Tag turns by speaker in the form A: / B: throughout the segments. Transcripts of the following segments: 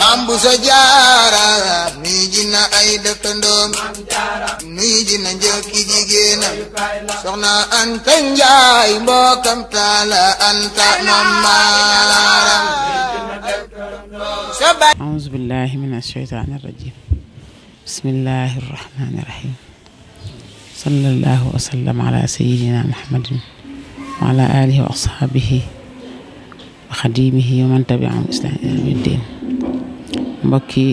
A: maam bu sa jaara nuy ji na ay dëkkandoom nuy ji na njëkki jigéenam soxna Anta Njaay mbokkam taala Anta maam maaram auzu billahi min asheytaani rajim bismillahi rahmaani rahim sallallahu wa sallam ala sayidina muhammadin wa ala alihi wa ashabihi wa xadimihi wa man tabiahum islam amin mbokki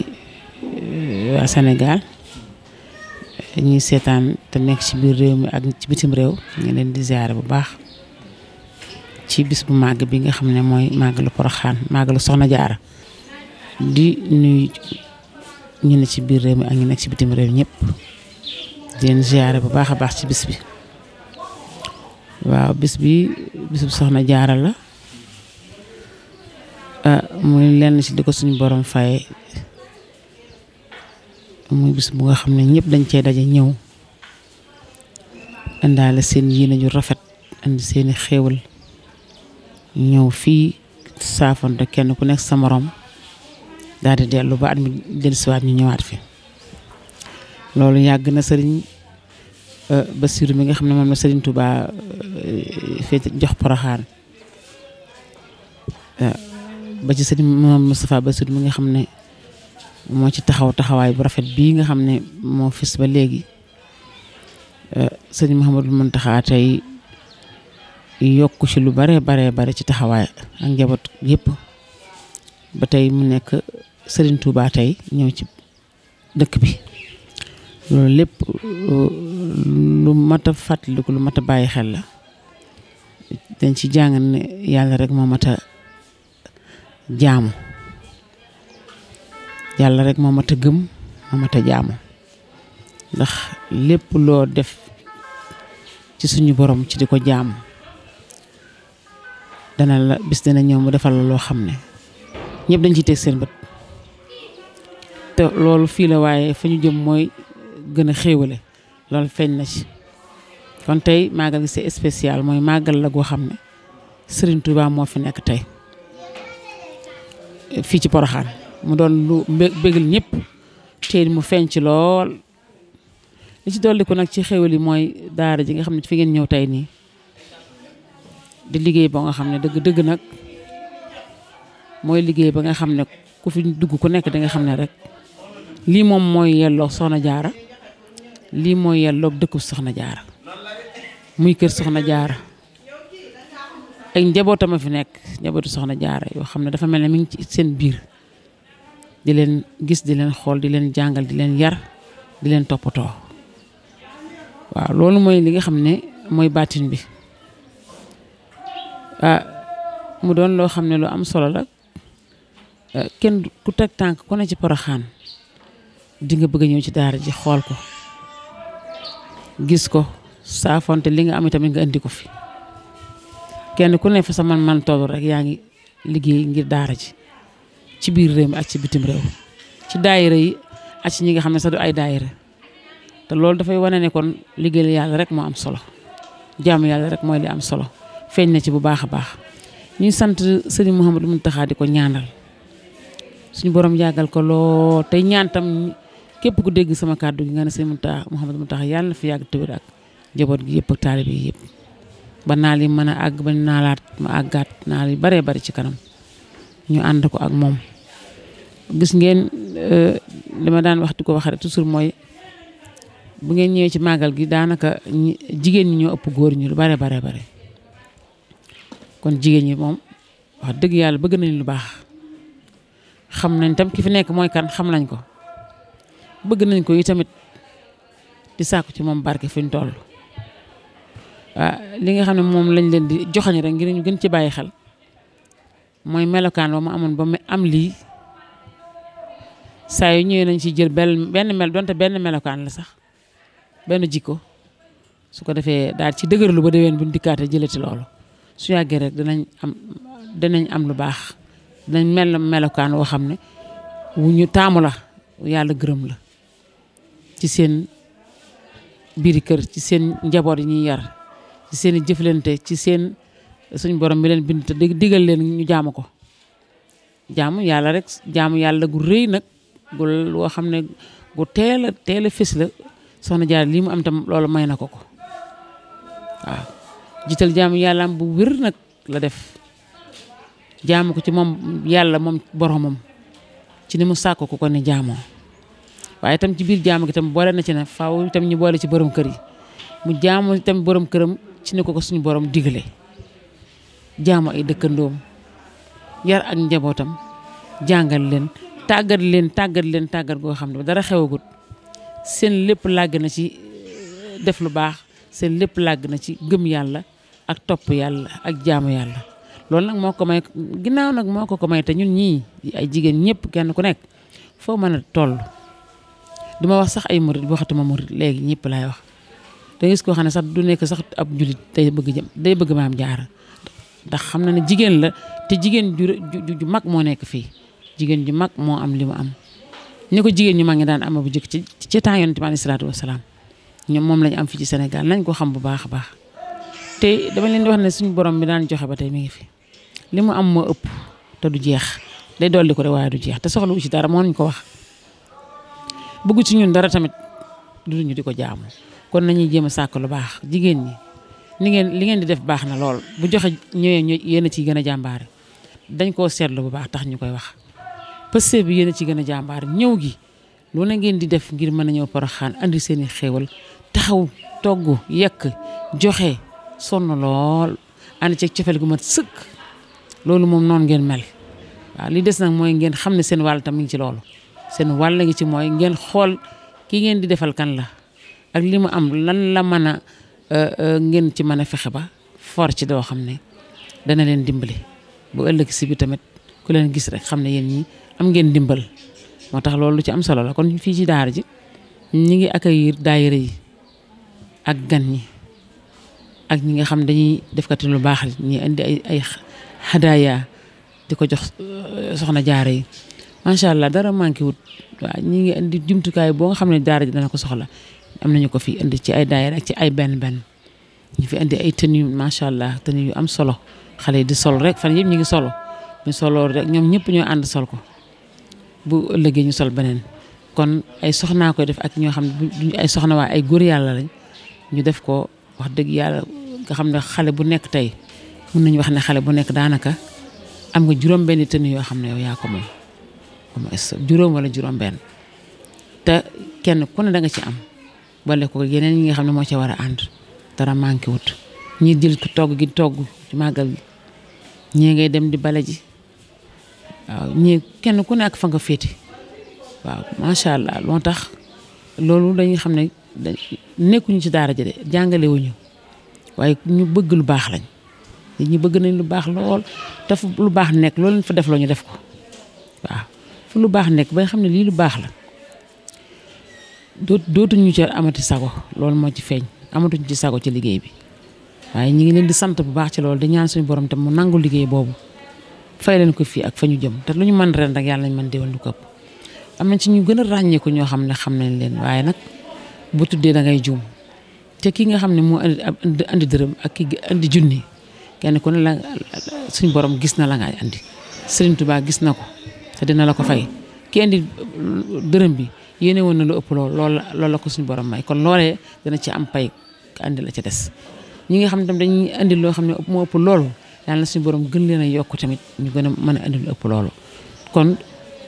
A: euh, waa Sénégal ñuy seetaan te nekk ci biir réew mi ak ci bitim réew ñu leen di ziare bu baax ci bis bu màgg bi nga xam ne mooy lu màggalu Poroxaan màggalu Soxna Jaara di nuyu ñu ci biir réew mi ak ñu ci bitim réew ñëpp di leen bu baax a baax ci bis bi waaw bis bi bisu Soxna Jaara la. muy lenn ci di ko suñu borom faye muy bis bu nga xam ne ñëpp dañ cee daje ñëw indaale seen yéene ju rafet indi seeni xéewal ñëw fii saafonte kenn ku nekk sa morom daal di dellu ba at mi dellusiwaat ñu ñëwaat fi loolu yàgg na sëriñ euh, Basiru mi nga xam ne moom la sëriñ tuba euh, fee jox poroxaan ba ci sëriñ ba Bassirou mu nga xam ne moo ci taxaw taxawaay bu rafet bii nga xam ne moo fis ba léegi euh, sëriñ Mouhamadou Mountakha tey yokk ci lu bare bare bare ci taxawaay ak njaboot yëpp ba tey mu nekk sëriñ Touba tey ñëw ci dëkk bi loolu lépp euh, lu mat a fàttaliku lu mat a bàyyi xel la dañ ci jàng ne yàlla rek moo mat jaamu yàlla rek moo mat a gëm moo mat a jaamu ndax lépp loo def ci suñu boroom ci di ko jaamu dana la bis dana ñëw mu defal la loo xam ne ñëpp dañ ci teg seen bët te loolu fii la waaye fa ñu jëm mooy gën a xéewale loolu feeñ na ci kon tey màggal gi c'est spécial mooy màggal la goo xam ne Serigne Touba moo fi nekk tey fii ci Poroxaan mu doon lu bégal ñëpp te mu feeñ ci lool li ci dolliku nag ci xéwal yi mooy daara ji nga xam ne fi ngeen ñëw tey nii di liggéey boo nga xam ne dëgg dëgg nag mooy liggéey ba nga xam ne ku fi dugg ku nekk di nga xam ne rek lii moom mooy yelloo soxna jaara lii mooy yelloo dëkku soxna jaara muy kër soxna jaara ay njabootam a fi nekk njabootu soxna jaara yoo xam ne dafa mel ne mi ngi ci seen biir di leen gis di leen xool di leen jàngal di leen yar di leen toppatoo waaw loolu mooy li nga xam ne mooy baatin bi ah, mu doon loo xam ne lu am solo la ah, kenn ku teg tànk ku ne ci paraxaan di nga bëgg ñëw ci daara ji xool ko gis ko saafonte li nga am tamit nga indi ko fi. kenn ku ne fa sa man-man toll rek yaa ngi liggéey ngir daara ci ci biir réew mi ak ci bitim réew ci daayira yi ak ci ñi nga xam ne sax du ay daayira te loolu dafay wane ne kon liggéeyal yàlla rek moo am solo jaamu yàlla rek mooy li am solo feeñ na ci bu baax a baax ñuy sant sëriñ Mouhamadou Mountakha di ko ñaanal suñu boroom yàggal ko loo tey ñaan tam képp ku dégg sama kàddu gi nga ne sëriñ Mountakha Mouhamadou Mountakha yàlla na fi yàgg tëwér ak gi yëpp ak taalibe ba naal yi mën a àgg ba naalaat ma àggaat naal yi baree bari ci kanam ñu ànd ko ak moom gis ngeen euh, li ma daan wax di ko waxee toujours mooy bu ngeen ñëwee ci màggal gi daanaka jigéen ñi ñoo ëpp góor ñu lu bare bare kon jigéen ñi moom wax dëgg yàlla bëgg nañ lu baax xam nañ tam ki fi nekk mooy kan xam nañ ko bëgg nañ ko yi tamit di sàkku ci moom barke fi ñu toll Ah, li nga xam ne moom lañ leen di joxañ rek ngir ñu gën ci bàyyi xel mooy melokaan ba mu amoon ba mu am lii saa yu ñëwee nañ ci jël benn benn mel benn melokaan la sax benn jikko su ko defee daal ci dëgërlu ba déwén bu ñu dikkaate jëlati loolu su yàggee rek danañ am danañ am lu baax danañ mel melokaan woo xam ne wu ñu taamu la yàlla gërëm la ci seen biiri kër ci seen njaboot yi ñuy yar. ci seen i ci seen suñ borom mi leen bind te digal leen ñu jaamu ko jaamu yàlla rek jaamu yàlla gu rëy nag gu loo xam ne gu teel a teel la soxna jaar lii mu am tam loolu may na ko ko waaw jiital jaamu yàlla bu wér nag la def jaamu ko ci moom yàlla moom boromam ci ni mu sàkk ko ko ne jaamoo waaye tam ci biir jaamu gi tam boole na ci ne faaw tam ñu boole ci borom kër yi mu jaamu tam borom këram ci ni ko ko suñu borom digle jaamu ay dëkkandoom yar ak njabootam jàngal leen tàggat leen tàggat leen tàggat goo xam ne dara xewagut seen lépp làgg na ci eh, def lu baax seen lépp làgg na ci gëm yàlla ak topp yàlla ak jaamu yàlla. loolu nag moo ko may ginnaaw nag moo ko ko may te ñun ñii ay jigéen ñëpp kenn ku nekk foo mën a toll duma wax sax ay murit waxatuma murit léegi ñëpp lay wax. da ngay gis koo xam ne sax du nekk sax ab julit day bëgg jëm day bëgg maam jaara ndax xam na ne jigéen la te jigéen ju ju mag moo nekk fii jigéen ju mag moo am li mu am ni ko jigéen ñu mag ngi daan ama bu jëkk ci ci temps yonent bi alayhi salaatu moom lañu am fii ci Sénégal nañ ko xam bu baax a baax te dama leen di wax ne suñu borom mi daan joxe ba tey mi ngi fi li mu am moo ëpp te du jeex day dolli ko de waaye du jeex te soxla wu ci dara moo nañ ko wax bëggu ci ñun dara tamit du ñu di ko jaamu kon nañuy jéem a sàkk lu baax jigéen ñi ni ngeen li ngeen di def baax na lool bu joxe ñëwee ñu yéen a ciy gën a jàmbaare dañ koo seetlu bu baax tax ñu koy wax pëste bi yéen a ci gën a jàmbaar ñëw gi lu na ngeen di def ngir mën a ñëw Poroxaan andi seen i xéewal taxaw togg yekk joxe sonn lool ànd ceeg cofeel gu mat sëkk loolu moom noonu ngeen mel waaw li des nag mooy ngeen xam ne seen wàll tam mi ngi ci loolu seen wàll ci mooy ngeen xool ki ngeen di defal kan la ak li mu am lan la mën a euh, euh, ngeen ci mën a fexe ba for ci doo xam ne dana leen dimbale bu ëllëg si tamit ku leen gis rek xam ne yéen ñi am ngeen dimbal moo tax loolu lu ci am solo la kon fii ci daara ji ñi ngi accueillir daayira yi ak gan ñi ak ñi nga xam dañuy def defkati lu baax ñi indi ay ay hadaaya di ko jox euh, soxna jaara yi macha allah dara manqué wut waaw ñi ngi indi jumtukaay boo nga xam ne daara ji dana ko soxla am nañu ko fi indi ci ay daayira ak ci ay benn benn ñu fi indi ay tenue macha allah tenue yu am solo xale yi di sol rek fan yëpp ñu ngi solo ñu soloo rek ñoom ñëpp ñoo ànd sol ko bu ëllëgee ñu sol beneen kon ay soxnaa koy def ak ñoo xam ne duñu ay góor yàlla lañ ñu def ko wax dëgg yàlla nga xam ne xale bu nekk tey mun nañu wax ne xale bu nekk daanaka am nga juróom benn tenue yoo xam ne yow yaa ko moom juróom walla juróom benn te kenn ku ne da nga ci am bale ko yeneen yi nga xam ne moo ci war a ànd dara manqué wut ñi dil togg gi togg ci màggal gi ñii ngay dem di bale ji waaw ñii kenn ku nekk fa nga féete waaw macha allah loo tax loolu dañuy xam ne nekkuñu ci daara ji de jàngalewuñu waaye ñu bëgg lu baax lañ ñu bëgg nañ lu baax lool te fu lu baax nekk loolu lañ fa def loo ñu def ko waaw fu lu baax nekk ba xam ne lii lu baax la. dootu ñu ci amati sago loolu moo ci feeñ amatuñ ci sago ci liggéey bi waaye ñu ngi leen di sant bu baax ci loolu di ñaan suñu borom te mu nangu liggéey boobu fay leen ko fii ak fa ñu jëm te lu ñu mën ren rek yàlla mën déwén lu këpp am na ci ñu gën a ràññeeku ñoo xam ne xam nañ leen waaye nag bu tuddee dangay ngay juum te ki nga xam ne moo andi dërëm ak ki andi junni kenn ku ne la suñu borom gis na la ngay andi Serigne Touba gis na ko te dina la ko fay ki dërëm bi yéene woon na lu ëpp lool loolu loolu la ko suñu borom may kon loolee dana ci am pay andi la ci des ñi nga xam tam dañuy andi loo xam ne moo ëpp loolu yàlla na suñu borom gën leen a yokk tamit ñu gën a mën a andi lu loolu kon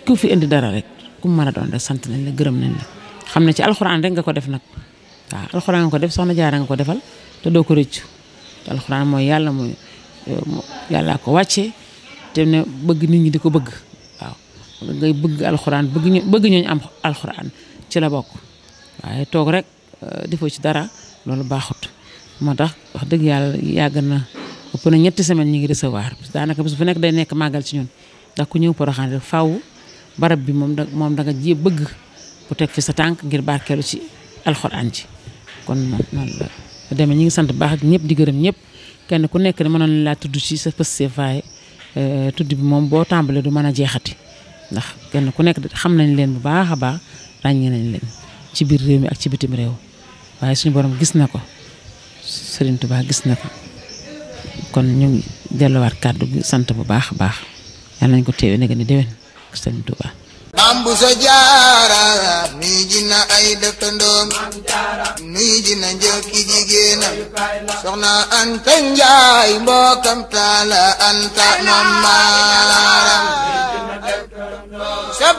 A: ku fi indi dara rek ku mën a doon rek sant nañ la gërëm nañ la xam ne ci alxuraan rek nga ko def nag waaw alxuraan ko def soxna jaara nga ko defal te doo ko rëccu te alxuraan mooy yàlla mooy yàllaa ko wàccee te ne bëgg nit ñi di ko bëgg ngay bëgg alxuraan bëgg ñu bëgg ñu am alxuraan ci la bokk waaye toog rek euh, defoo ci dara loolu baaxut moo tax wax dëgg yàlla yàgg na ëpp na ñetti semaine ñu ngi recevoir daanaka bis bu nekk day nekk màggal ci ñun ndax ku ñëw Poroxaan rek faw barab bi moom da moom da ji bëgg bu teg fi sa tànk ngir baax barkeelu ci alxuraan ci kon noonu la demee ñu ngi sant baax ak ñëpp di gërëm ñëpp kenn ku nekk ne mënoon laa tudd ci sa pës see faaye euh, tudd bi moom boo tàmbalee du mën a jeexati ndax kenn ku nekk xam nañ leen bu baax a baax ràññee nañ leen ci biir réew mi ak ci bitim réew waaye suñ boroom gis na ko Serigne Touba gis na ko kon ñu ngi delluwaat kàddu sant bu baax a baax yàlla nañ ko teewee nag ni déwén Serigne Touba. maam bu sa na ay dëkkandoom nuy ji na njëkki